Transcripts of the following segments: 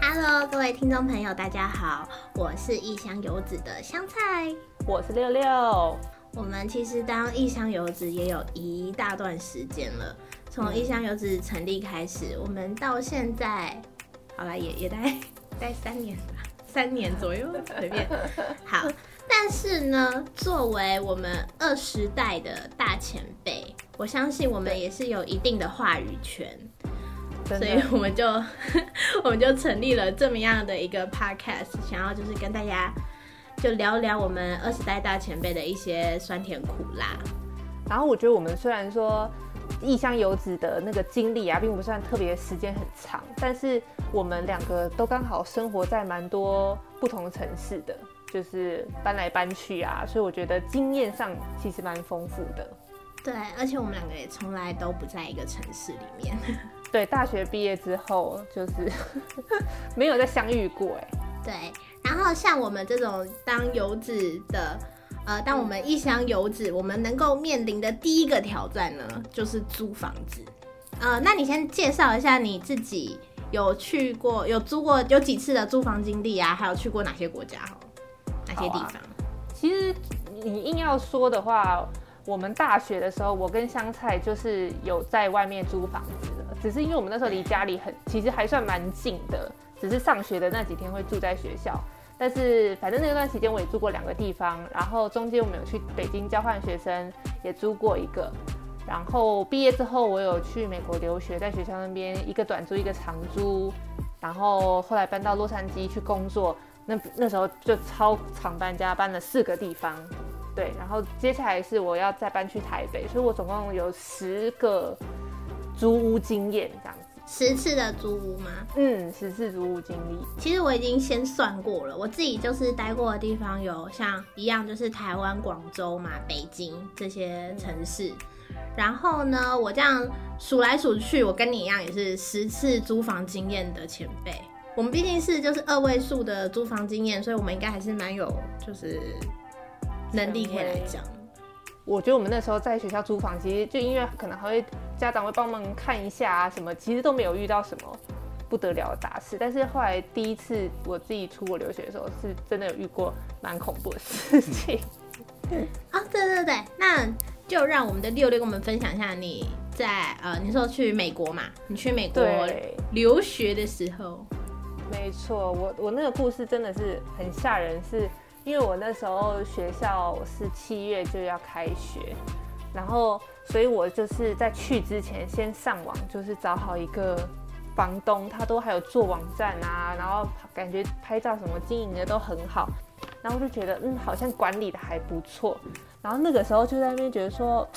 Hello，各位聽眾朋友，大家好，我是異鄉油子的香菜，我是六六。我們其實當異鄉油子也有一大段時間了，從異鄉油子成立開始，我們到現在，好了，也也待待三年吧，三年左右，隨便。好，但是呢，作為我們二十代的大前輩，我相信我們也是有一定的話語權。所以我們就 我們就成立了這麼樣的一個 podcast，想要就是跟大家就聊聊我們二十代大前輩的一些酸甜苦辣。然後我覺得我們雖然說異鄉遊子的那個經歷啊，並不算特別時間很長，但是我們兩個都剛好生活在蠻多不同城市的，的就是搬來搬去啊，所以我覺得經驗上其實蠻豐富的。對，而且我們兩個也從來都不在一個城市裡面。對，大學畢業之後就是 沒有再相遇過哎。對，然後像我們這種當游子的，呃，當我們異鄉游子，我們能夠面臨的第一個挑戰呢，就是租房子。呃，那你先介紹一下你自己，有去過、有租過、有幾次的租房經歷啊？還有去過哪些國家？哪些地方、啊？其實你硬要說的話，我們大學的時候，我跟香菜就是有在外面租房子。只是因為我們那時候離家裡很，其實還算蠻近的。只是上學的那幾天會住在學校，但是反正那段時間我也住過兩個地方。然後中間我們有去北京交換學生，也租過一個。然後畢業之後我有去美國留學，在學校那邊一個短租一個長租。然後後來搬到洛杉磯去工作，那那時候就超常搬家，搬了四個地方。對，然後接下來是我要再搬去台北，所以我總共有十個。租屋經驗這樣子，十次的租屋嗎？嗯，十次租屋經歷。其實我已經先算過了，我自己就是待過的地方有像一樣，就是台灣、廣州嘛、北京這些城市。然後呢，我這樣數來數去，我跟你一樣也是十次租房經驗的前輩。我們畢竟是就是二位數的租房經驗，所以我們應該還是蠻有就是能力可以來講。我覺得我們那時候在學校租房，其實就因為可能還會。家長會幫忙看一下啊，什麼其實都沒有遇到什麼不得了的大事。但是後來第一次我自己出國留學的時候，是真的有遇過蠻恐怖的事情。啊、嗯嗯哦，對對對，那就讓我們的六六跟我們分享一下你在呃，你說去美國嘛？你去美國留學的時候，沒錯，我我那個故事真的是很嚇人，是因為我那時候學校是七月就要開學，然後。所以我就是在去之前先上網，就是找好一個房東，他都還有做網站啊，然後感覺拍照什麼經營的都很好，然後我就覺得嗯，好像管理的還不錯，然後那個時候就在那邊覺得說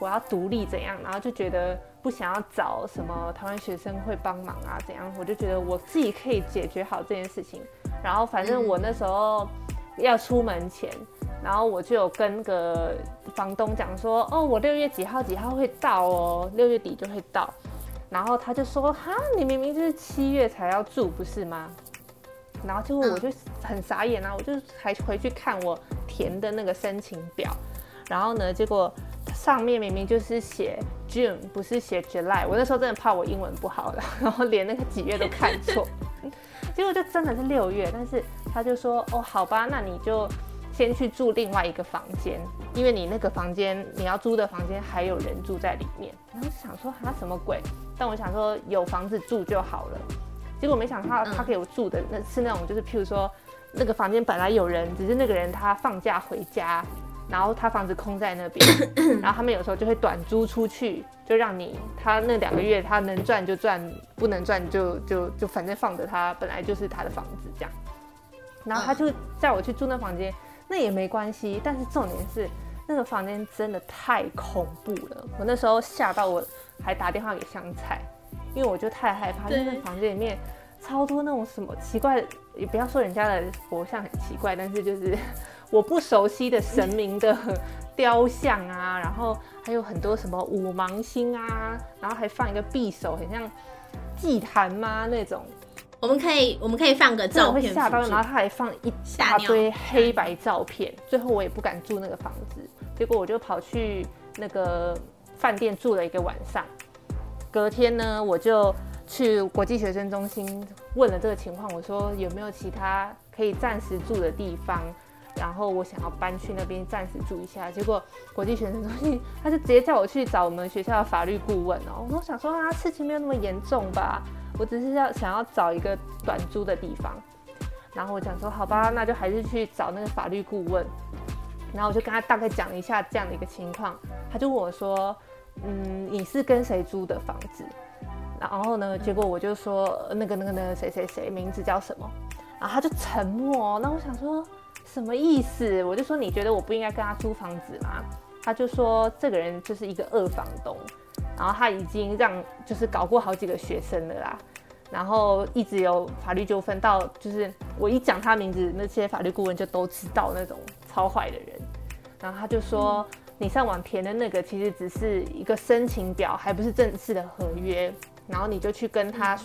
我要獨立怎樣，然後就覺得不想要找什麼台灣學生會幫忙啊怎樣，我就覺得我自己可以解決好這件事情，然後反正我那時候。嗯要出門前，然後我就有跟個房東講說，哦，我六月幾號幾號會到哦，六月底就會到，然後他就說，哈，你明明就是七月才要住不是嗎？然後結果我就很傻眼啊，我就還回去看我填的那個申請表，然後呢，結果上面明明就是寫 June，不是寫 July，我那時候真的怕我英文不好，然後連那個幾月都看錯， 結果就真的是六月，但是。他就說：“哦，好吧，那你就先去住另外一個房間，因為你那個房間，你要租的房間還有人住在裡面。”然後想說他、啊、什麼鬼？但我想說有房子住就好了。結果沒想到他給我住的那是那種，就是譬如說那個房間本來有人，只是那個人他放假回家，然後他房子空在那邊。然後他們有時候就會短租出去，就讓你他那兩個月他能賺就賺，不能賺就就就反正放着他，本來就是他的房子這樣。然後他就帶我去住那房間，那也沒關係。但是重點是那個房間真的太恐怖了，我那時候嚇到我，還打電話給香菜，因為我就太害怕。因為那房間裡面超多那種什麼奇怪，也不要說人家的佛像很奇怪，但是就是我不熟悉的神明的雕像啊，然後還有很多什麼五芒星啊，然後還放一個匕首，很像祭壇嘛那種。我們可以，我們可以放個照片。然後他還放一大堆黑白照片。最後我也不敢住那個房子，結果我就跑去那個飯店住了一個晚上。隔天呢，我就去國際學生中心問了這個情況，我說有沒有其他可以暫時住的地方？然後我想要搬去那邊暫時住一下。結果國際學生中心他就直接叫我去找我們學校的法律顧問哦。我想說啊，事情沒有那麼嚴重吧。我只是要想要找一個短租的地方，然後我講說好吧，那就還是去找那個法律顧問，然後我就跟他大概講了一下這樣的一個情況，他就問我說，嗯，你是跟誰租的房子？然後呢，結果我就說那個那個那個誰誰誰，名字叫什麼？然後他就沉默。那我想說什麼意思？我就說你覺得我不應該跟他租房子嗎？他就說這個人就是一個二房東。然後他已經讓就是搞過好幾個學生了啦，然後一直有法律糾紛到就是我一講他名字，那些法律顧問就都知道那種超壞的人。然後他就說，你上網填的那個其實只是一個申請表，還不是正式的合約。然後你就去跟他，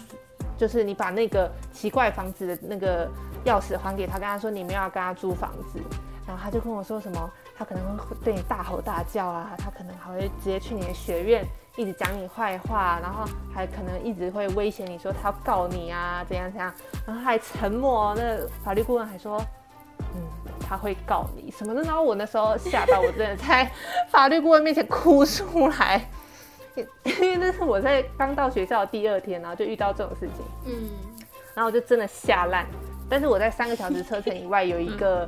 就是你把那個奇怪房子的那個鑰匙還給他，跟他說你沒有要跟他租房子。然後他就跟我說什麼，他可能會對你大吼大叫啊，他可能還會直接去你的學院。一直講你壞話，然後還可能一直會威脅你說他要告你啊，怎樣怎樣，然後還沉默。那法律顧問還說，嗯，他會告你什麼的。然後我那時候嚇到，我真的在法律顧問面前哭出來， 因為那是我在剛到學校的第二天，然後就遇到這種事情。嗯，然後我就真的嚇爛。但是我在三個小時車程以外有一個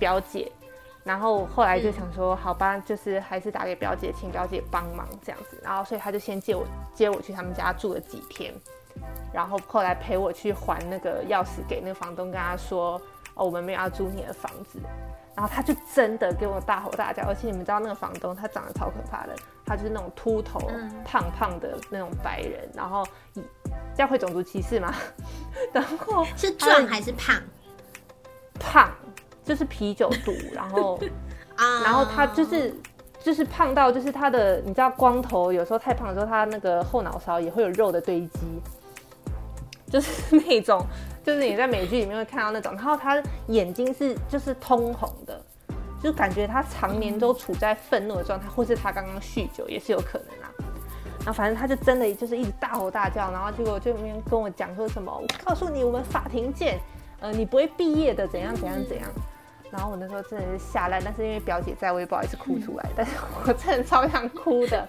表姐。嗯然後後來就想說、嗯，好吧，就是還是打給表姐，請表姐幫忙這樣子。然後所以他就先借我，接我去他們家住了幾天，然後後來陪我去還那個鑰匙給那個房東，跟他說哦，我們沒有要租你的房子。然後他就真的給我大吼大叫，而且你們知道那個房東他長得超可怕的，他就是那種禿頭、嗯、胖胖的那種白人，然後要會種族歧視嗎？ 然後是壯還是胖？嗯、胖。就是啤酒肚， 然後，然後他就是，就是胖到就是他的，你知道光頭有時候太胖的時候，他那個後腦勺也會有肉的堆積，就是那種，就是你在美劇裡面會看到那種。然後他眼睛是就是通紅的，就感覺他常年都處在憤怒的狀態，或是他剛剛酗酒也是有可能啊。然後反正他就真的就是一直大吼大叫，然後結果就當面跟我講說什麼，我告訴你，我們法庭見，呃，你不會畢業的，怎樣怎樣怎樣。然後我那時候真的是嚇爛，但是因為表姐在，我也不好意思哭出來。但是我真的超想哭的。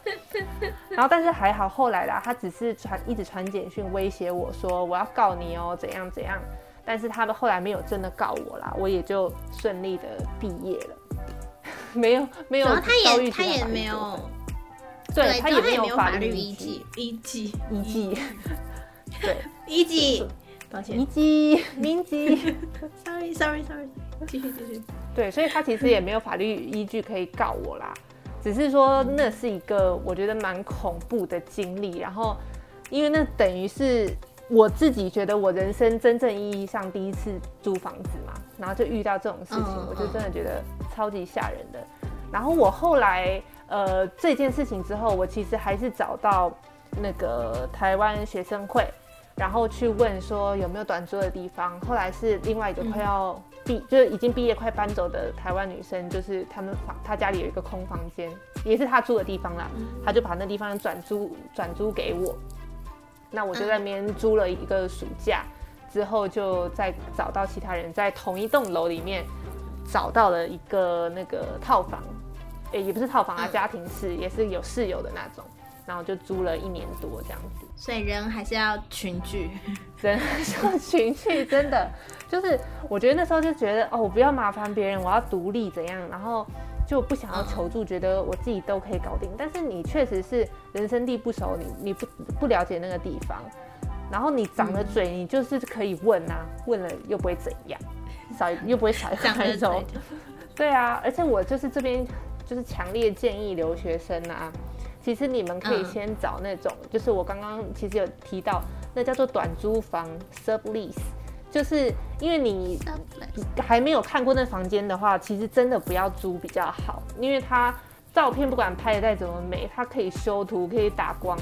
然後，但是還好，後來啦，她只是傳一直傳簡訊威脅我說我要告你哦、喔，怎樣怎樣。但是他們後來沒有真的告我啦，我也就順利的畢業了。沒有，沒有。他也，他也沒有。對，他也沒有法律依據，依據，依據。對，依據。抱歉，依據，依據。Sorry，Sorry，Sorry。Sorry, sorry, sorry. 繼續繼續，對，所以他其實也沒有法律依據可以告我啦，只是說那是一個我覺得蠻恐怖的經歷，然後因為那等於是我自己覺得我人生真正意義上第一次租房子嘛，然後就遇到這種事情，我就真的覺得超級嚇人的。然後我後來呃這件事情之後，我其實還是找到那個台灣學生會。然後去問說有沒有短租的地方，後來是另外一個快要畢，就是已經畢業快搬走的台灣女生，就是他們房，他家裡有一個空房間，也是他租的地方啦，他就把那地方轉租轉租給我，那我就在那邊租了一個暑假，之後就再找到其他人，在同一棟樓裡面找到了一個那個套房，誒，也不是套房啊，家庭式，也是有室友的那種。然後就租了一年多這樣子，所以人還是要群聚，人還是要群聚，真的就是，我覺得那時候就覺得哦，我不要麻煩別人，我要獨立怎樣，然後就不想要求助、哦，覺得我自己都可以搞定。但是你確實是人生地不熟，你你不不，不了解那個地方，然後你長了嘴、嗯，你就是可以問啊，問了又不會怎樣，少一又不會少很多。 對啊，而且我就是這邊就是強烈建議留學生啊。其實你們可以先找那種，嗯、就是我剛剛其實有提到，那叫做短租房 （sublease）。Sub-lease，就是因為你還沒有看過那房間的話，其實真的不要租比較好，因為它照片不管拍的再怎麼美，它可以修圖、可以打光，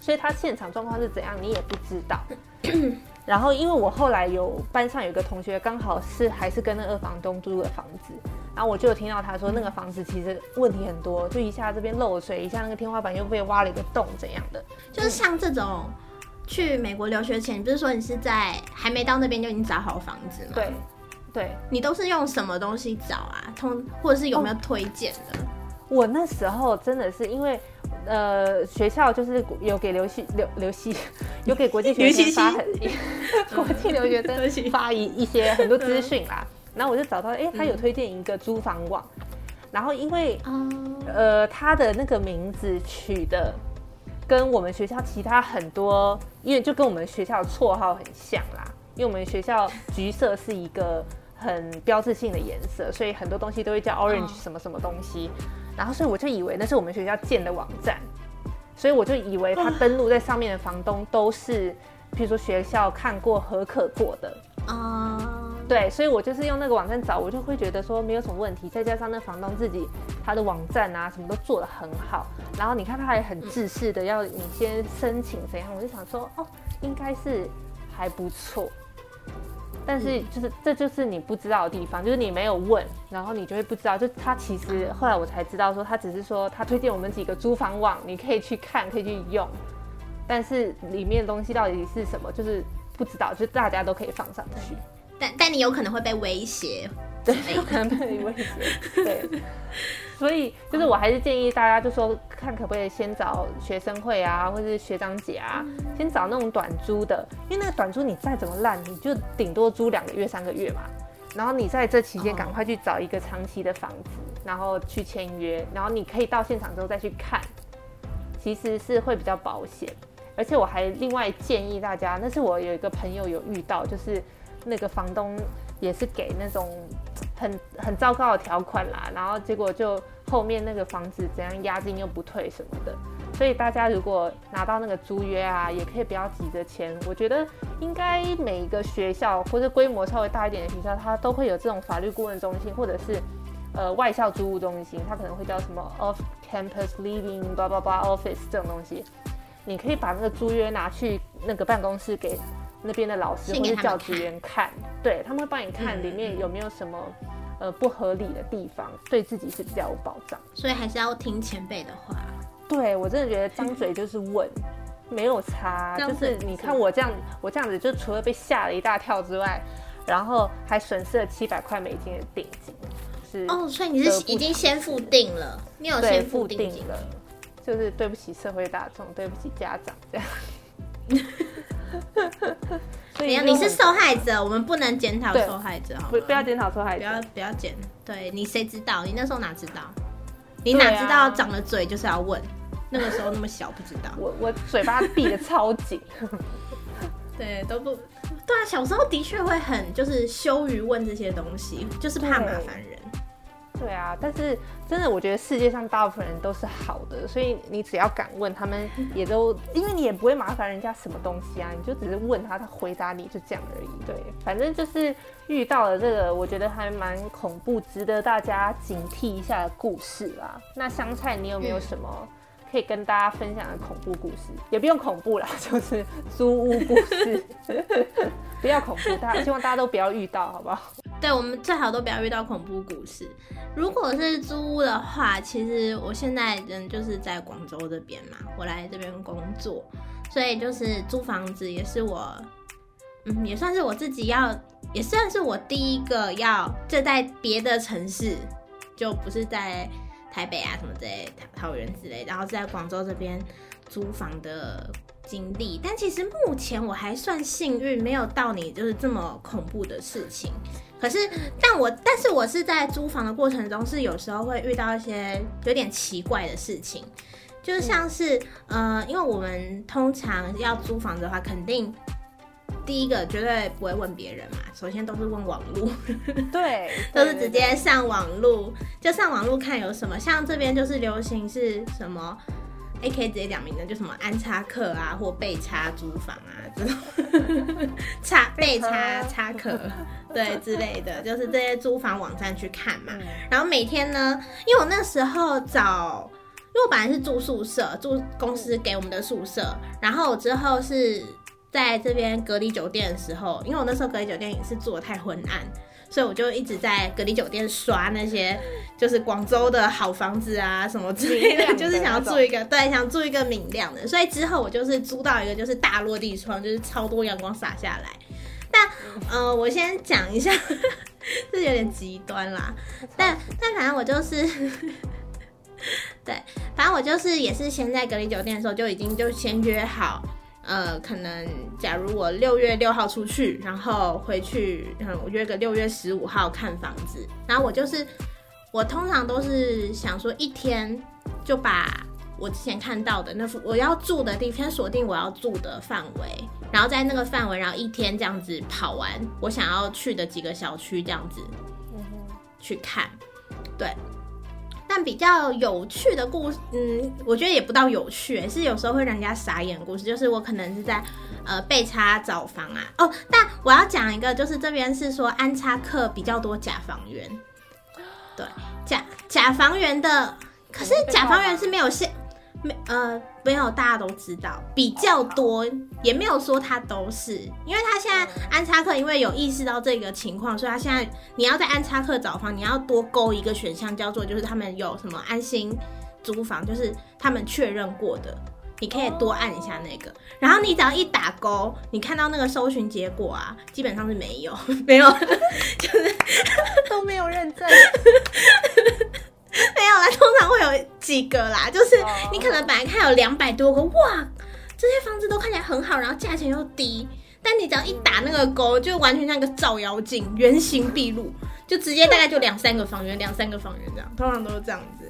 所以它現場狀況是怎樣，你也不知道。 然後，因為我後來有班上有個同學，剛好是還是跟那二房東租的房子，然後我就有聽到他說那個房子其實問題很多，就一下這邊漏水，一下那個天花板又被挖了一個洞，怎樣的？就是像這種、嗯、去美國留學前，你不是說你是在還沒到那邊就已經找好房子嗎？對，對。你都是用什麼東西找啊？通或者是有沒有推薦的？哦我那時候真的是因為，呃，學校就是有給劉系劉劉系，有給國際留學生發很西西 國際留學生發一一些很多資訊啦、嗯。然後我就找到，哎、欸，他有推薦一個租房網、嗯。然後因為，呃，他的那個名字取的跟我們學校其他很多，因為就跟我們學校綽號很像啦。因為我們學校橘色是一個很標誌性的顏色，所以很多東西都會叫 orange 什麼什麼東西。嗯然後，所以我就以為那是我們學校建的網站，所以我就以為他登錄在上面的房東都是，譬如說學校看過、核可過的啊。對，所以我就是用那個網站找，我就會覺得說沒有什麼問題。再加上那房東自己他的網站啊，什麼都做得很好。然後你看他還很自私的要你先申請怎樣，我就想說哦，應該是還不錯。但是就是、嗯、這就是你不知道的地方，就是你沒有問，然後你就會不知道。就他其實後來我才知道，說他只是說他推薦我們幾個租房網，你可以去看，可以去用，但是裡面的東西到底是什麼，就是不知道。就是、大家都可以放上去，但但你有可能會被威脅。 對，有可能被你威脅。對，所以就是我還是建議大家，就說看可不可以先找學生會啊，或是學長姐啊，先找那種短租的，因為那個短租你再怎麼爛，你就頂多租兩個月、三個月嘛。然後你在這期間趕快去找一個長期的房子，然後去簽約，然後你可以到現場之後再去看，其實是會比較保險。而且我還另外建議大家，那是我有一個朋友有遇到，就是那個房東。也是給那種很很糟糕的條款啦，然後結果就後面那個房子怎樣，押金又不退什麼的。所以大家如果拿到那個租約啊，也可以不要急着簽。我覺得應該每一個學校或者規模稍微大一點的學校，它都會有這種法律顧問中心，或者是呃外校租務中心，它可能會叫什麼 off-campus living 巴巴巴 office 這種東西。你可以把那個租約拿去那個辦公室給。那邊的老師或是教職員看，他看對他們會幫你看裡面有沒有什麼呃不合理的地方，對自己是比較有保障。所以還是要聽前輩的話。對，我真的覺得張嘴就是問， 沒有差。就是你看我這樣，我這樣子，就除了被嚇了一大跳之外，然後還損失了七百塊美金的定金。是哦，所以你是已經先付定了，你有先付定，定了，就是對不起社會大眾，對不起家長這樣。 哈哈，你是受害者，我們不能檢討受害者。不，不要檢討受害者，不要不要檢。對你，誰知道？你那時候哪知道？你哪知道長了嘴就是要問？啊、那個時候那麼小，不知道。我我嘴巴閉的超緊。 對，都不對啊。小時候的確會很就是羞於問這些東西，就是怕麻煩人。對啊，但是真的，我覺得世界上大部分人都是好的，所以你只要敢問，他們也都因為你也不會麻煩人家什麼東西啊，你就只是問他，他回答你就這樣而已。對，反正就是遇到了這個，我覺得還蠻恐怖，值得大家警惕一下的故事啦。那香菜，你有沒有什麼？嗯可以跟大家分享的恐怖故事，也不用恐怖啦，就是租屋故事， 不要恐怖，大家希望大家都不要遇到好不好？對我們最好都不要遇到恐怖故事。如果是租屋的話，其實我現在人就是在廣州這邊嘛，我來這邊工作，所以就是租房子也是我，嗯，也算是我自己要，也算是我第一個要住在別的城市，就不是在。台北啊，什麼之類，桃桃園之類，然後在廣州這邊租房的經歷。但其實目前我還算幸運，沒有到你就是這麼恐怖的事情。可是，但我但是我是在租房的過程中，是有時候會遇到一些有點奇怪的事情，就像是，嗯、呃，因為我們通常要租房的話，肯定。第一個絕對不會問別人嘛，首先都是問網絡，對， 都是直接上網絡，對對對對就上網絡看有什麼，像這邊就是流行是什麼 A K 直接兩名的，就什麼安插客啊，或被插租房啊這種， 插被插插客， 對之類的，就是這些租房網站去看嘛。然後每天呢，因為我那時候找，因為我本來是住宿舍，住公司給我們的宿舍，然後之後是。在這邊隔離酒店的時候，因為我那時候隔離酒店也是住的太昏暗，所以我就一直在隔離酒店刷那些就是廣州的好房子啊什麼之類的，的就是想要住一個對，想住一個明亮的。所以之後我就是租到一個就是大落地窗，就是超多陽光灑下來。但呃，我先講一下， 這有點極端啦。但但反正我就是 對，反正我就是也是先在隔離酒店的時候就已經就先約好。呃，可能假如我六月六號出去，然後回去，嗯，我約個六月十五號看房子。然後我就是，我通常都是想說一天就把我之前看到的那幅我要住的地方鎖定我要住的範圍，然後在那個範圍，然後一天這樣子跑完我想要去的幾個小區這樣子，去看，對。但比較有趣的故事，嗯，我覺得也不到有趣，欸，是有時候會讓人家傻眼的故事，就是我可能是在呃被插找房啊，哦，但我要講一個，就是這邊是說安插客比較多，假房源，對，假假房源的，可是假房源是沒有限，沒呃。沒有，大家都知道比較多，也沒有說他都是，因為他現在安插客因為有意識到這個情況，所以他現在你要在安插客找房，你要多勾一個選項，叫做就是他們有什麼安心租房，就是他們確認過的，你可以多按一下那個，然後你只要一打勾，你看到那個搜尋結果啊，基本上是沒有沒有， 就是 都沒有認證。 沒有啦，通常會有幾個啦，就是你可能本來看有兩百多個哇，這些房子都看起來很好，然後價錢又低，但你只要一打那個勾，就完全像一個照妖鏡，原形畢露，就直接大概就兩三個房源，兩三個房源這樣，通常都是這樣子。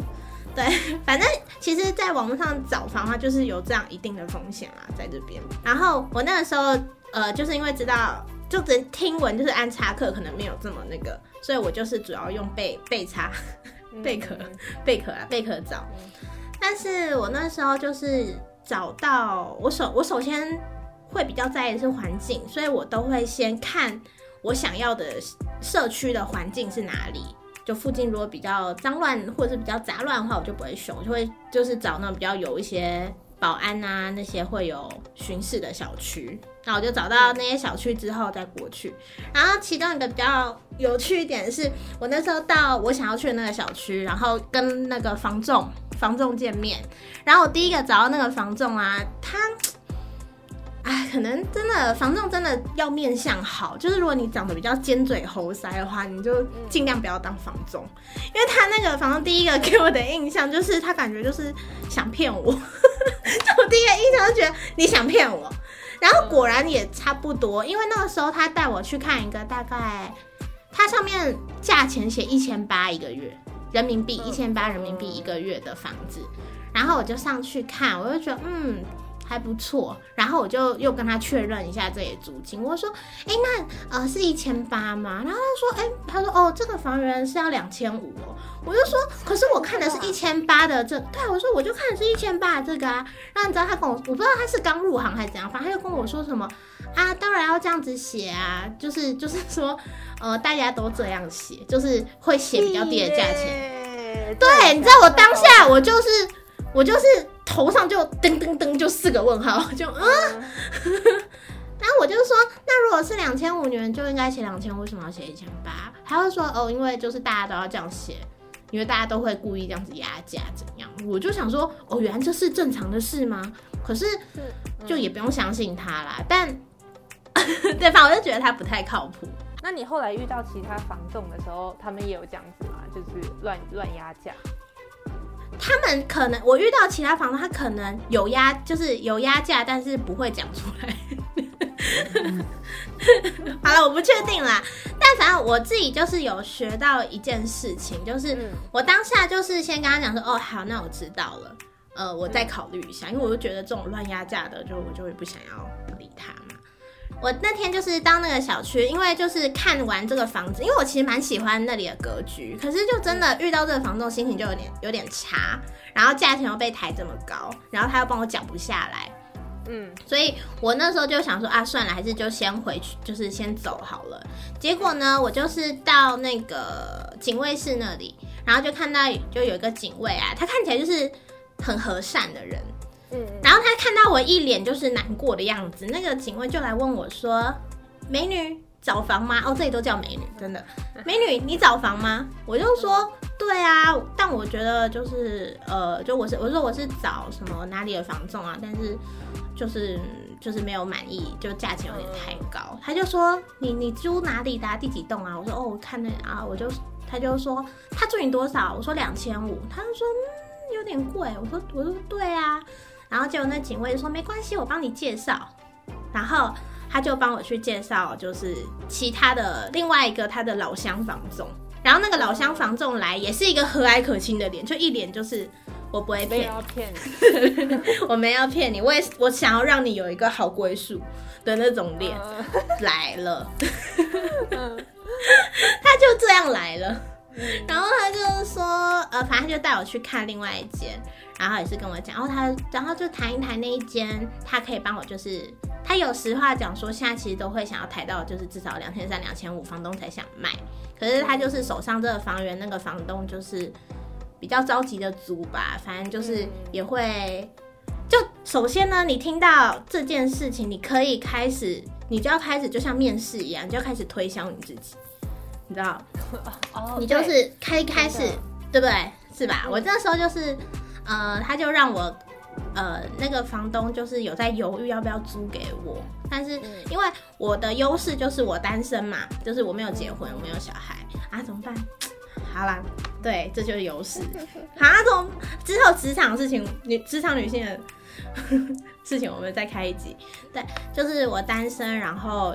對，反正其實，在網絡上找房的話，就是有這樣一定的風險啦，啊，在這邊。然後我那個時候，呃，就是因為知道，就只能聽聞，就是安插課可能沒有這麼那個，所以我就是主要用被被插。貝殼，貝殼啊，貝殼找。但是我那時候就是找到我首，我首先會比較在意的是環境，所以我都會先看我想要的社區的環境是哪裡。就附近如果比較髒亂或者是比較雜亂的話，我就不會選，就會就是找那種比較有一些保安啊，那些會有巡視的小區。然後我就找到那些小區之後再過去。然後其中一個比較有趣一點是，我那時候到我想要去的那個小區，然後跟那個房仲房仲見面。然後我第一個找到那個房仲啊，他，哎，可能真的房仲真的要面相好，就是如果你長得比較尖嘴猴腮的話，你就盡量不要當房仲，因為他那個房仲第一個給我的印象就是他感覺就是想騙我， 就我第一個印象就覺得你想騙我。然後果然也差不多，因為那個時候他帶我去看一個大概，它上面價錢寫一千八一個月，人民幣一千八人民幣一個月的房子，然後我就上去看，我就覺得嗯。還不錯，然後我就又跟他確認一下這些租金。我說：“哎、欸，那呃，是一千八嗎？”然後他說：“哎、欸，他說哦，這個房源是要兩千五哦。”我就說：“可是我看的是一千八的這對啊。”我說：“我就看的是一千八的這個啊。”然後你知道他跟我，我不知道他是剛入行還是怎樣，反正他就跟我說什麼啊，當然要這樣子寫啊，就是就是說呃，大家都這樣寫，就是會寫比較低的價錢。對，你知道我當下我就是我就是。頭上就噔噔噔就四個問號，就嗯，那、嗯、 我就說，那如果是兩千五，你們就應該寫兩千，為什麼要寫一千八？他會說哦，因為就是大家都要這樣寫，因為大家都會故意這樣子壓價，怎樣？我就想說哦，原來這是正常的事嗎？可是就也不用相信他啦。嗯、但 對吧？我就覺得他不太靠譜。那你後來遇到其他房仲的時候，他們也有這樣子嗎？就是亂亂壓價？他們可能，我遇到其他房東，他可能有壓，就是有壓價，但是不會講出來。 好了，我不確定啦。但反正我自己就是有學到一件事情，就是我當下就是先跟他講說：“哦，好，那我知道了。呃，我再考慮一下，因為我就覺得這種亂壓價的，就我就會不想要理他嘛。”我那天就是到那個小區，因為就是看完這個房子，因為我其實蠻喜歡那裡的格局，可是就真的遇到這個房東，心情就有點有點差，然後價錢又被抬這麼高，然後他又幫我講不下來，嗯，所以我那時候就想說啊，算了，還是就先回去，就是先走好了。結果呢，我就是到那個警衛室那裡，然後就看到就有一個警衛啊，他看起來就是很和善的人。然後他看到我一臉就是難過的樣子，那個警衛就來問我說：“美女找房嗎？”哦，這裡都叫美女，真的，美女你找房嗎？我就說對啊，但我覺得就是呃，就我是我說我是找什麼哪裡的房仲啊，但是就是就是沒有滿意，就價錢有點太高。他就說你你租哪裡的啊，第幾棟啊？我說哦，我看那啊，我就他就說他租你多少？我說兩千五，他就說嗯，有點貴，我說我說對啊。然後就有那警衛說，沒關係，我幫你介紹。然後他就幫我去介紹，就是其他的另外一個他的老鄉房仲。然後那個老鄉房仲來，也是一個和藹可親的臉，就一臉就是我不會騙你，沒要騙你 我沒有騙你，我也我想要讓你有一個好歸宿的那種臉、uh... 來了， 他就這樣來了。然後他就說，呃，反正就帶我去看另外一間，然後也是跟我講，然後、哦、他，然後就談一談那一間，他可以幫我，就是他有實話講說，說現在其實都會想要抬到，就是至少兩千三、兩千五，房東才想賣。可是他就是手上這個房源，那個房東就是比較着急的租吧，反正就是也會，就首先呢，你聽到這件事情，你可以開始，你就要開始，就像面試一樣，就要開始推銷你自己。你知道，oh, 你就是開一開始，對，對不對，對？是吧？我這時候就是，呃，他就讓我，呃，那個房東就是有在猶豫要不要租給我，但是因為我的優勢就是我單身嘛，就是我沒有結婚，我沒有小孩啊，怎麼辦？好啦，對，這就是優勢。啊，從之後職場事情，女職場女性的 事情，我們再開一集。對，就是我單身，然後。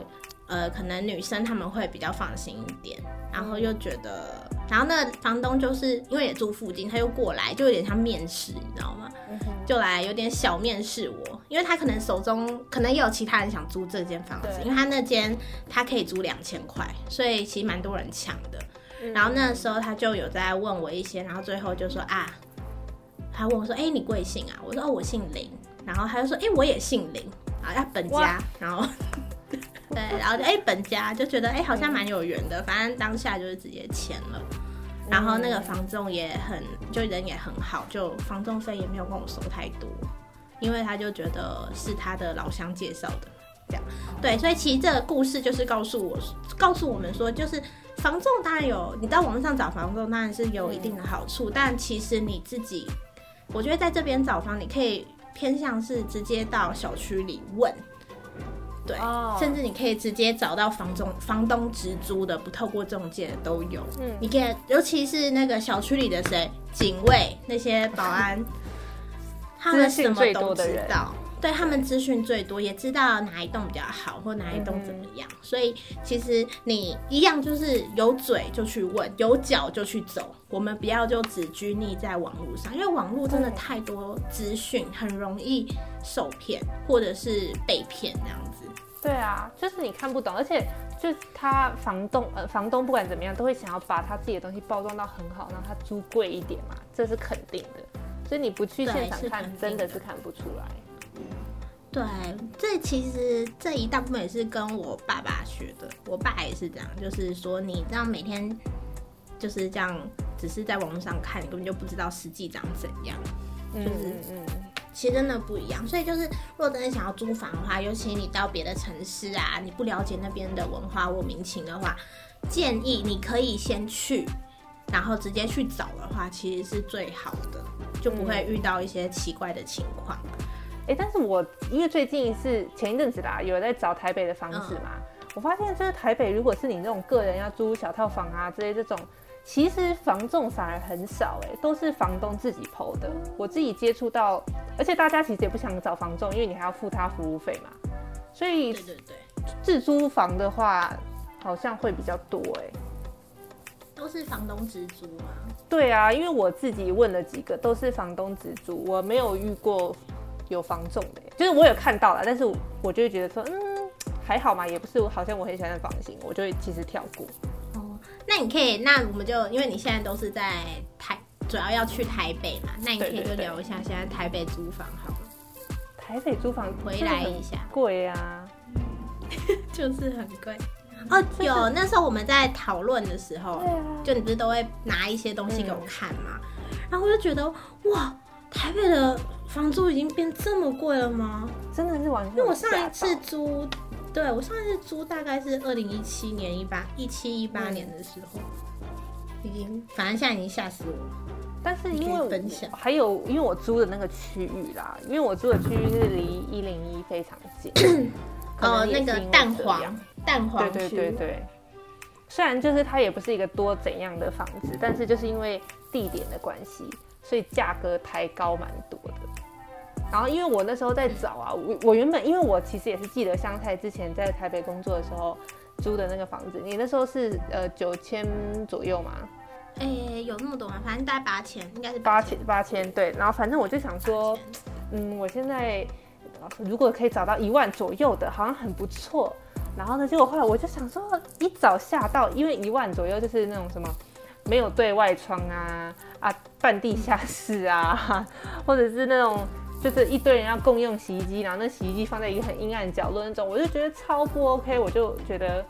呃，可能女生他們會比較放心一點，然後又覺得，然後那房東就是因為也住附近，他又過來，就有點像面試，你知道嗎、嗯？就來有點小面試我，因為他可能手中、嗯、可能也有其他人想租這間房子，因為他那間他可以租兩千塊，所以其實蠻多人搶的、嗯。然後那個時候他就有在問我一些，然後最後就說啊，他問我說：“哎、欸，你貴姓啊？”我說：“哦，我姓林。”然後他就說：“哎、欸，我也姓林啊，然後要本家。”然後。對，然後哎、欸，本家就覺得哎、欸，好像蠻有緣的、嗯，反正當下就是直接簽了。然後那個房仲也很，就人也很好，就房仲費也沒有跟我收太多，因為他就覺得是他的老鄉介紹的，這樣。對，所以其實這個故事就是告訴我，告訴我們說，就是房仲當然有，你到網上找房仲當然是有一定的好處、嗯，但其實你自己，我覺得在這邊找房，你可以偏向是直接到小區裡問。對，oh。甚至你可以直接找到房東，房東直租的，不透過中介的都有。嗯，你可以，尤其是那個小區裡的誰、警衛那些保安， 他們什麼都知道。資訊最多的人。對，他們資訊最多，也知道哪一棟比較好，或哪一棟怎麼樣。嗯。所以其實你一樣就是有嘴就去問，有腳就去走。我們不要就只拘泥在網絡上，因為網絡真的太多資訊，okay。很容易受騙或者是被騙這樣。對啊，就是你看不懂，而且就他房東呃，房東不管怎麼樣都會想要把他自己的東西包裝到很好，讓他租貴一點嘛，這是肯定的。所以你不去現場看，的真的是看不出來。對，這其實這一大部分也是跟我爸爸學的，我爸也是這樣，就是說你這樣每天就是這樣，只是在網絡上看，你根本就不知道實際長怎樣。嗯、就、嗯、是、嗯。嗯其實真的不一樣，所以就是，如果真的想要租房的話，尤其你到別的城市啊，你不了解那邊的文化或民情的話，建議你可以先去，然後直接去找的話，其實是最好的，就不會遇到一些奇怪的情況。嗯。欸，但是我因為最近是前一陣子啦，有在找台北的房子嘛，嗯。我發現就是台北，如果是你這種個人要租小套房啊，之類這種。其實房仲反而很少哎，都是房東自己 po 的。我自己接觸到，而且大家其實也不想找房仲，因為你還要付他服務費嘛。所以對對對，自租房的話好像會比較多哎。都是房東直租嗎？對啊，因為我自己問了幾個，都是房東直租，我沒有遇過有房仲的。就是我有看到啦，但是我就會覺得說，嗯，還好嘛，也不是我好像我很喜歡的房型，我就會其實跳過。那你可以，那我們就因為你現在都是在台，主要要去台北嘛，那你可以就聊一下現在台北租房好了。台北租房回來一下，貴啊， 就是很貴。哦，有那時候我們在討論的時候、對啊，就你不是都會拿一些東西給我看嘛、嗯，然後我就覺得哇，台北的房租已經變這麼貴了嗎？真的是完全嚇到，因為我上一次租。對，我上次租大概是二零一七年，一八一七一八年的時候，嗯、已經反正現在已經嚇死我了。但是因為我分享還有因為我租的那個區域啦，因為我租的區域是離一零一非常近，呃、 哦、那個蛋黃蛋黃區。對，對對對，雖然就是它也不是一個多怎樣的房子，但是就是因為地點的關係，所以價格抬高蠻多的。然後因為我那時候在找啊，我我原本因為我其實也是記得香菜之前在台北工作的時候租的那個房子，你那時候是呃九千左右嗎？哎、欸，有那麼多嗎？反正大概八千，應該是八千八千對。然後反正我就想說，嗯，我現在如果可以找到一萬左右的，好像很不錯。然後呢，結果後來我就想說，一早下到，因為一萬左右就是那種什麼沒有對外窗啊啊半地下室啊，或者是那種。就是一堆人要共用洗衣機，然後那洗衣機放在一個很陰暗角落那種，我就覺得超不 OK，我就覺得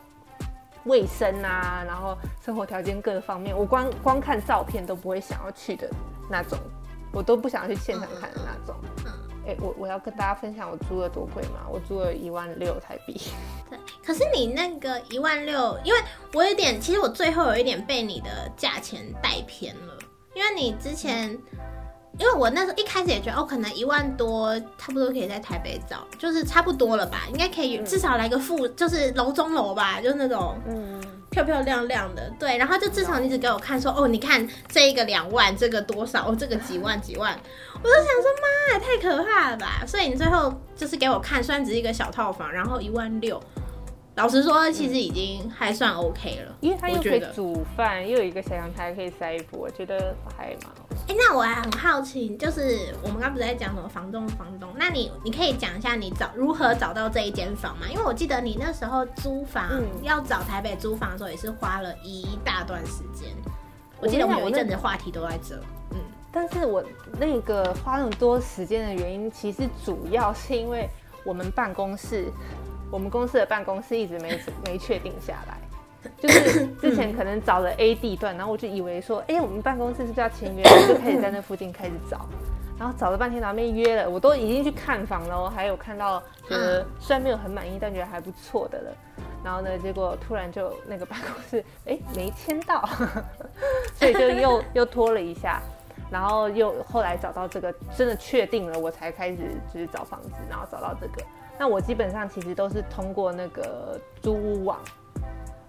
衛生啊，然後生活條件各方面，我光光看照片都不會想要去的那種，我都不想要去現場看的那種。嗯嗯、欸、我我要跟大家分享我租了多貴嘛？我租了一萬六台幣。對，可是你那個一萬六，因為我有點，其實我最後有一點被你的價錢帶偏了，因為你之前。因為我那時候一開始也覺得，哦，可能一萬多，差不多可以在台北找，就是差不多了吧，應該可以至少來個複，就是樓中樓吧，就是那種嗯，漂漂亮亮的，對。然後就至少你只給我看說，哦，你看這一個兩萬，這個多少，哦，這個幾萬幾萬，我就想說媽呀，太可怕了吧！所以你最後就是給我看，雖然只是一個小套房，然後一萬六。老實說、嗯，其實已經還算 OK 了，因為他又可以煮飯，又有一個小陽台可以曬衣服，我覺得還蠻好。哎、欸，那我還很好奇，就是我們剛不是在講什麼房東房東，那你你可以講一下你找如何找到這一間房嗎？因為我記得你那時候租房、嗯、要找台北租房的時候，也是花了一大段時間。我記得我有一陣子的話題都在這、那個，嗯。但是我那個花那麼多時間的原因，其實主要是因為我們辦公室。我們公司的辦公室一直沒沒確定下來，就是之前可能找了 A 地段，然後我就以為說，哎、欸，我們辦公室是不是要簽約？就開始在那附近開始找，然後找了半天，然後沒約了，我都已經去看房了，我還有看到覺得雖然沒有很滿意，但覺得還不錯的了。然後呢，結果突然就那個辦公室哎、欸、沒簽到， 所以就又又拖了一下，然後又後來找到這個真的確定了，我才開始就是找房子，然後找到這個。那我基本上其實都是通過那個租屋網，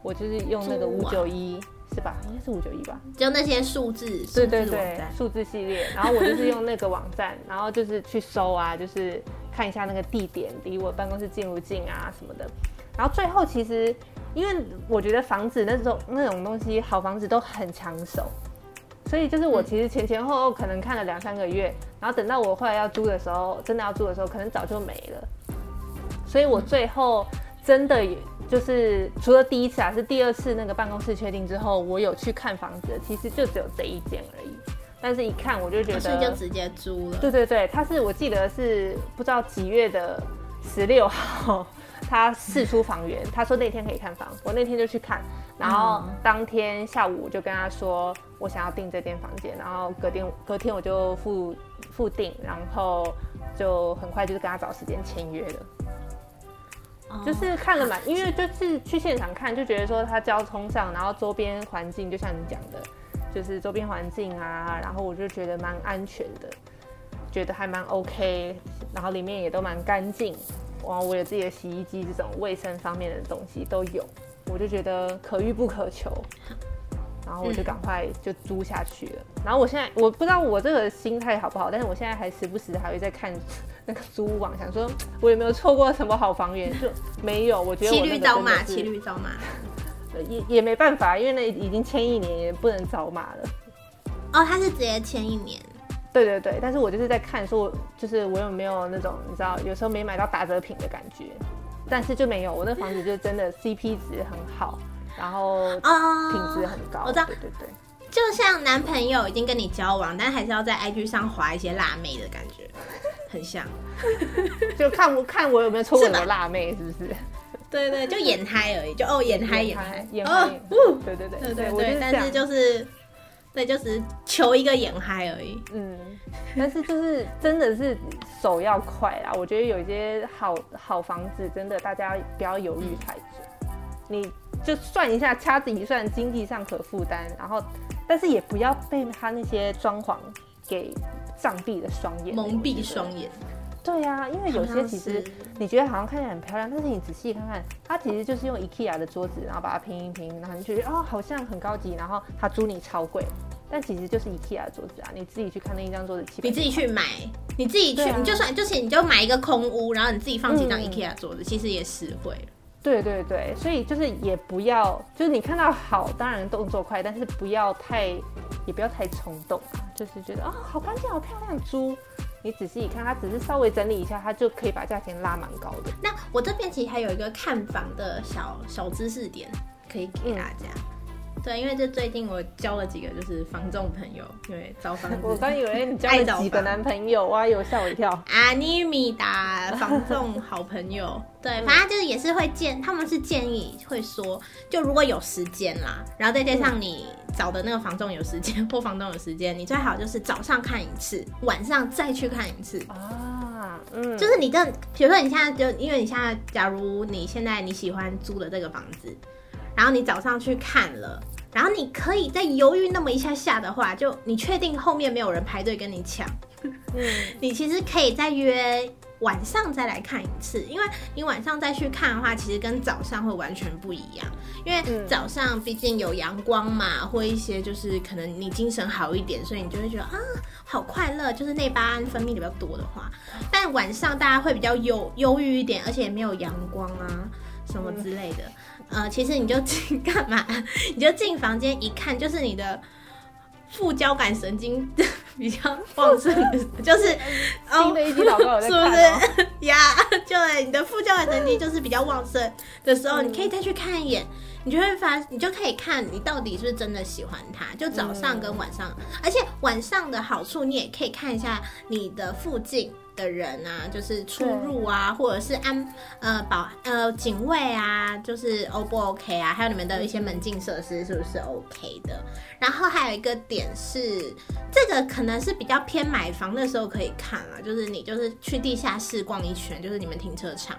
我就是用那個五九一是吧？應該是五九一吧？就那些數字，對對對，數字系列。然後我就是用那個網站， 然後就是去搜啊，就是看一下那個地點離我辦公室近不近啊什麼的。然後最後其實，因為我覺得房子那種那種東西，好房子都很搶手，所以就是我其實前前後後可能看了兩三個月、嗯，然後等到我後來要租的時候，真的要租的時候，可能早就沒了。所以我最後真的也就是除了第一次啊，是第二次那個辦公室確定之後，我有去看房子，其實就只有這一間而已。但是一看我就覺得，他是就直接租了。對對對，他是我記得是不知道幾月的十六號，他釋出房源， 他說那天可以看房，我那天就去看，然後當天下午我就跟他說我想要訂這間房間，然後隔天隔天我就付付訂，然後就很快就是跟他找時間簽約了。就是看了嘛，因為就是去現場看，就覺得說，它交通上，然後周邊環境就像你講的，就是周邊環境啊，然後我就覺得蠻安全的，覺得還蠻 OK，然後裡面也都蠻乾淨，哇，我有自己的洗衣機，這種衛生方面的東西都有，我就覺得可遇不可求。然後我就趕快就租下去了。嗯、然後我現在我不知道我這個心態好不好，但是我現在還時不時還會在看那個租屋網，想說我有沒有錯過什麼好房源？就沒有，我覺得我真的是騎驢找馬，騎驢找馬，也也沒辦法，因為那已經簽一年，不能找馬了。哦，他是直接簽一年。對對對，但是我就是在看，說就是我有沒有那種你知道，有時候沒買到打折品的感覺，但是就沒有，我那房子就真的 CP 值很好。然後啊，品質很高，oh, 對對對，就像男朋友已經跟你交往，但還是要在 IG 上滑一些辣妹的感覺，很像。 就看我，看我有沒有抽到辣妹，是不是？是 對對，就眼嗨而已，就哦，眼嗨，眼嗨，眼嗨，哦，對對對對對對，對，對，對。但是就是，對，就是求一個眼嗨而已。嗯，但是就是真的是手要快啊！ 我覺得有一些好好房子，真的大家不要猶豫太久，嗯。你。就算一下掐指一算，經濟上可負擔，然後，但是也不要被他那些裝潢給障蔽的雙眼。蒙蔽雙眼。對呀、啊，因為有些其實你覺得好像看起來很漂亮，剛剛是但是你仔細看看，它其實就是用 IKEA 的桌子，然後把它拼一拼，然後你覺得哦，好像很高級，然後他租你超貴，但其實就是 IKEA 的桌子啊。你自己去看那一張桌子，你自己去買，你自己去，啊、你就算你就是你就買一個空屋，然後你自己放幾張 IKEA 桌子，嗯，其實也實惠。對對對，所以就是也不要，就是你看到好，當然動作快，但是不要太，也不要太衝動，就是覺得啊、哦、好乾淨好漂亮，租。你仔細一看，它只是稍微整理一下，它就可以把價錢拉蠻高的。那我這邊其實還有一個看房的小小知識點，可以給大家。嗯對，因為就最近我交了幾個就是房仲朋友，對，找房子。 我剛以為你交了幾個男朋友，哇，又嚇我一跳。阿尼米達房仲好朋友， 對，反正就是也是會建，他們是建議會說，就如果有時間啦，然後再加上你找的那個房仲有時間或，嗯、房東有時間，你最好就是早上看一次，晚上再去看一次。啊，嗯，就是你這，比如說你現在就，因為你現在假如你現在你喜歡租的這個房子。然後你早上去看了，然後你可以再猶豫那麼一下下的話，就你確定後面沒有人排隊跟你搶， 你其實可以再約晚上再來看一次，因為你晚上再去看的話，其實跟早上會完全不一樣，因為早上畢竟有陽光嘛，或一些就是可能你精神好一點，所以你就會覺得啊好快樂，就是多巴胺分泌比較多的話，但晚上大家會比較憂憂鬱一點，而且也沒有陽光啊什麼之類的。呃，其實你就進幹嘛？你就進房間一看，就是你的副交感神經比較旺盛的， 就是、 Oh, 新的一老在哦，是不是呀？Yeah, 就、欸、你的副交感神經就是比較旺盛的時候， 你可以再去看一眼，你就會發，你就可以看，你到底是，是真的喜歡他。就早上跟晚上， 而且晚上的好處，你也可以看一下你的附近，的人啊，就是出入啊，或者是安呃保呃警衛啊，就是 O 不 OK 啊？還有你們的一些門禁設施是不是 OK 的？然後還有一個點是，這個可能是比較偏買房的時候可以看啊，就是你就是去地下室逛一圈，就是你們停車場。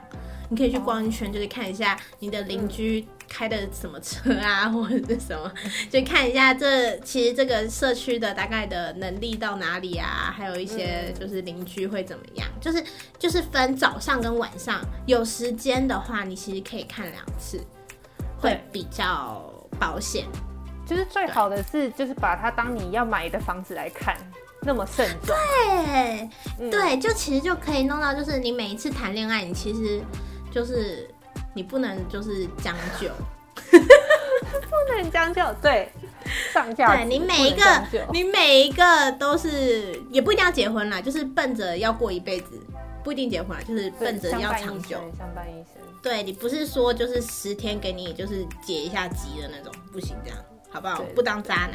你可以去逛一圈，就是看一下你的鄰居開的什麼車啊、嗯，或者是什麼，就看一下這其實這個社區的大概的能力到哪裡啊，還有一些就是鄰居會怎麼樣，嗯、就是就是分早上跟晚上，有時間的話，你其實可以看兩次，會比較保險。就是最好的是，就是把它當你要買的房子來看，那麼慎重。對，嗯、對，就其實就可以弄到，就是你每一次談戀愛，你其實。就是你不能就是將就， 不能將就，對，上下對你每一個 你每一個都是，也不一定要結婚啦，就是奔着要過一輩子，不一定結婚了，就是奔着要長久，相伴一生。對，你不是說就是十天給你就是解一下急的那種，不行這樣，好不好？對對對，不當渣男，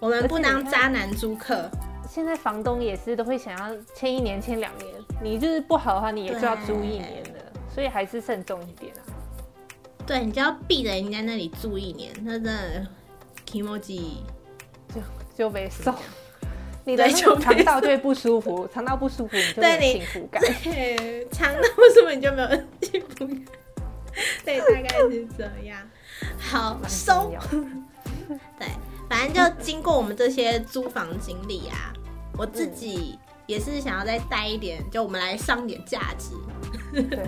我們不當渣男租客。現在房東也是都會想要簽一年、簽兩年，你就是不好的話，你也就要租一年的。所以還是慎重一點啊。對，你就要逼着人家那裡住一年，那真的気持ち就就被收， 你的腸道，對，不舒服，腸 道不舒服，你就沒有幸福感，對，腸道不舒服，你就沒有幸福感，對，大概是這樣。好，收。對，反正就經過我們這些租房經歷啊， 我自己也是想要再帶一點，就我們來上點價值。對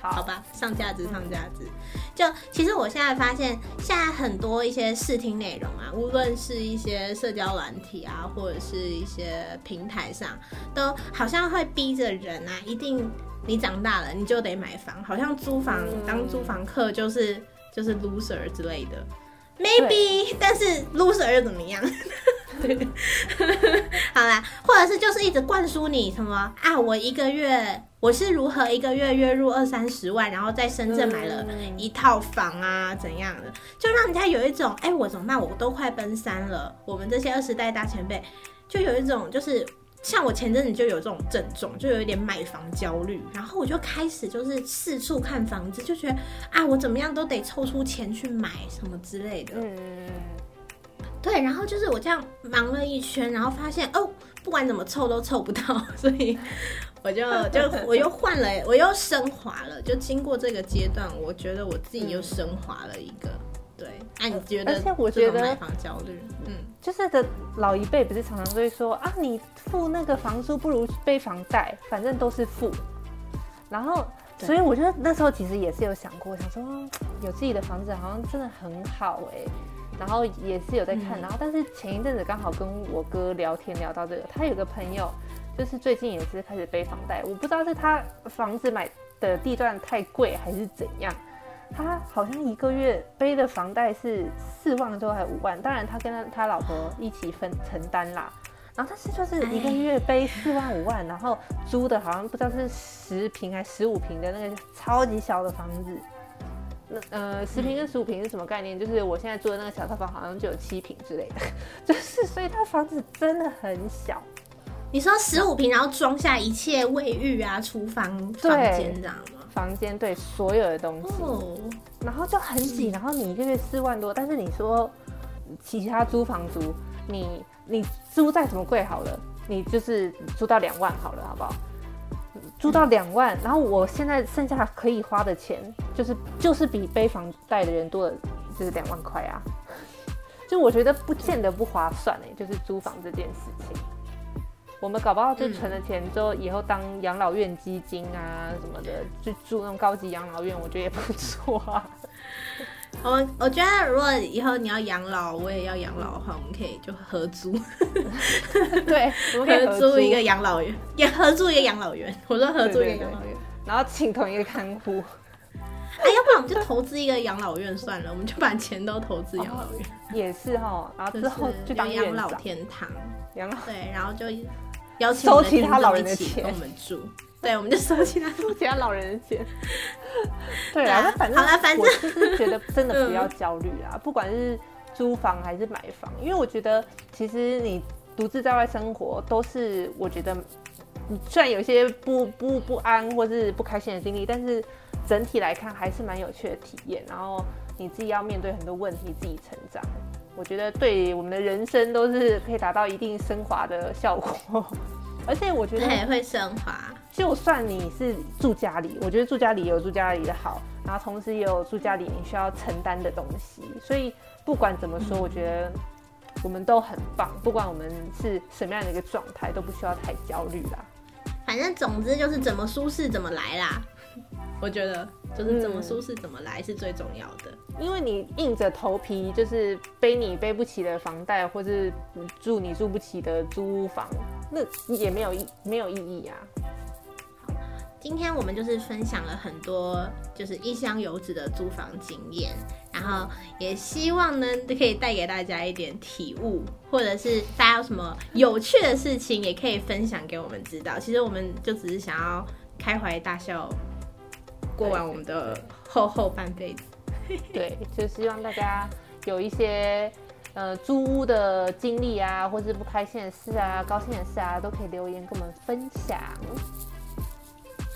好，啊、好吧，上價值，上價值。就其實我現在發現，現在很多一些視聽內容啊，無論是一些社交軟體啊，或者是一些平台上，都好像會逼着人啊，一定你長大了你就得買房，好像租房當租房客就是、嗯、就是 loser 之類的，maybe，但是 loser 又怎麼樣？ 對， 好啦，或者是就是一直灌輸你什麼啊，我一個月。我是如何一個月月入二三十萬，然後在深圳買了一套房啊？嗯、怎樣的，就讓人家有一種，哎、欸，我怎麼辦？我都快奔三了，我們這些二十代大前輩，就有一種，就是像我前陣子就有這種症狀，就有一點買房焦慮，然後我就開始就是四處看房子，就覺得啊，我怎麼樣都得湊出錢去買什麼之類的、嗯。對，然後就是我這樣忙了一圈，然後發現哦，不管怎麼湊都湊不到，所以。 我就就我又換了，我又升華了。就經過這個階段，我覺得我自己又升華了一個。嗯、對，那、啊、你覺得？而且我覺得買房焦慮，嗯，就是的老一輩不是常常會說啊，你付那個房租不如背房貸，反正都是付。然後，所以我覺得那時候其實也是有想過，想說有自己的房子好像真的很好、欸、然後也是有在看，嗯、然後但是前一陣子剛好跟我哥聊天聊到這個，他有個朋友。就是最近也是開始背房貸，我不知道是他房子買的地段太貴還是怎樣，他好像一個月背的房貸是四萬多還是五萬，當然他跟他老婆一起分承擔啦。然後他是就是一個月背四萬五萬，然後租的好像不知道是十坪還十五坪的那個超級小的房子。那呃十坪跟十五坪是什麼概念？就是我現在住的那個小套房好像就有七坪之類的，就是所以他房子真的很小。你說十五平，然後裝下一切衛浴啊、廚房、房間，這樣嗎？房間對所有的東西，oh, 然後就很擠。然後你一個月四萬多、嗯，但是你說其他租房租，你你租再怎麼貴好了，你就是租到兩萬好了，好不好？租到兩萬、嗯，然後我現在剩下可以花的錢，就是就是比背房貸的人多的，就是兩萬塊啊。就我覺得不見得不划算欸，就是租房這件事情。我們搞不好就存了錢，之後、嗯、以後當養老院基金啊什麼的，就住那種高級養老院，我覺得也不錯啊。我我覺得如果以後你要養老，我也要養老的話，我們可以就合租。對，我們可以合租一個養老院，也合租一個養老院。我說合租一個養老院，然後請同一個看護。 哎，要不然我們就投資一個養老院算了，我們就把錢都投資養老院。哦、也是哈，然後之後當就當、是、養老天堂。養老對，然後就。要收其他老人的錢，我們住，對，我們就收其他其 他老人的錢。 對啊，好了，啊，反正我是覺得真的不要焦慮啊，嗯，不管是租房還是買房，因為我覺得其實你獨自在外生活都是，我覺得你雖然有些不不不安或是不開心的經歷，但是整體來看還是蠻有趣的體驗。然後你自己要面對很多問題，自己成長。我覺得對我們的人生都是可以達到一定升華的效果，而且我覺得它也會升華。就算你是住家裡，我覺得住家裡也有住家裡的好，然後同時也有住家裡你需要承擔的東西。所以不管怎麼說，我覺得我們都很棒，不管我們是什麼樣的一個狀態，都不需要太焦慮啦。反正總之就是怎麼舒適怎麼來啦。我覺得就是怎麼舒適怎麼來，嗯、是最重要的，因為你硬着頭皮就是背你背不起的房貸，或是你住你住不起的租房，那也沒有意沒有意義啊。好，今天我們就是分享了很多就是一箱油子的租房經驗，然後也希望呢可以帶給大家一點體悟，或者是大家有什麼有趣的事情也可以分享給我們知道。其實我們就只是想要開懷大笑。過完我們的後後半輩子。對， 對，就希望大家有一些呃租屋的經歷啊，或是不開心的事啊、高興的事啊，都可以留言跟我們分享。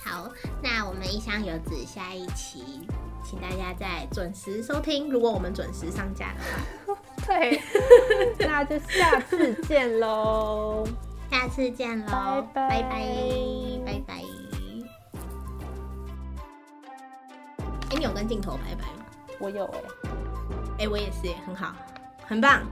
好，那我們一箱油子下一期，請大家再準時收聽。如果我們準時上架的話， 對，那就下次見嘍，下次見嘍，拜拜，拜拜。Bye bye 你有跟鏡頭拜拜嗎？我有哎、欸，哎、欸，我也是，很好，很棒。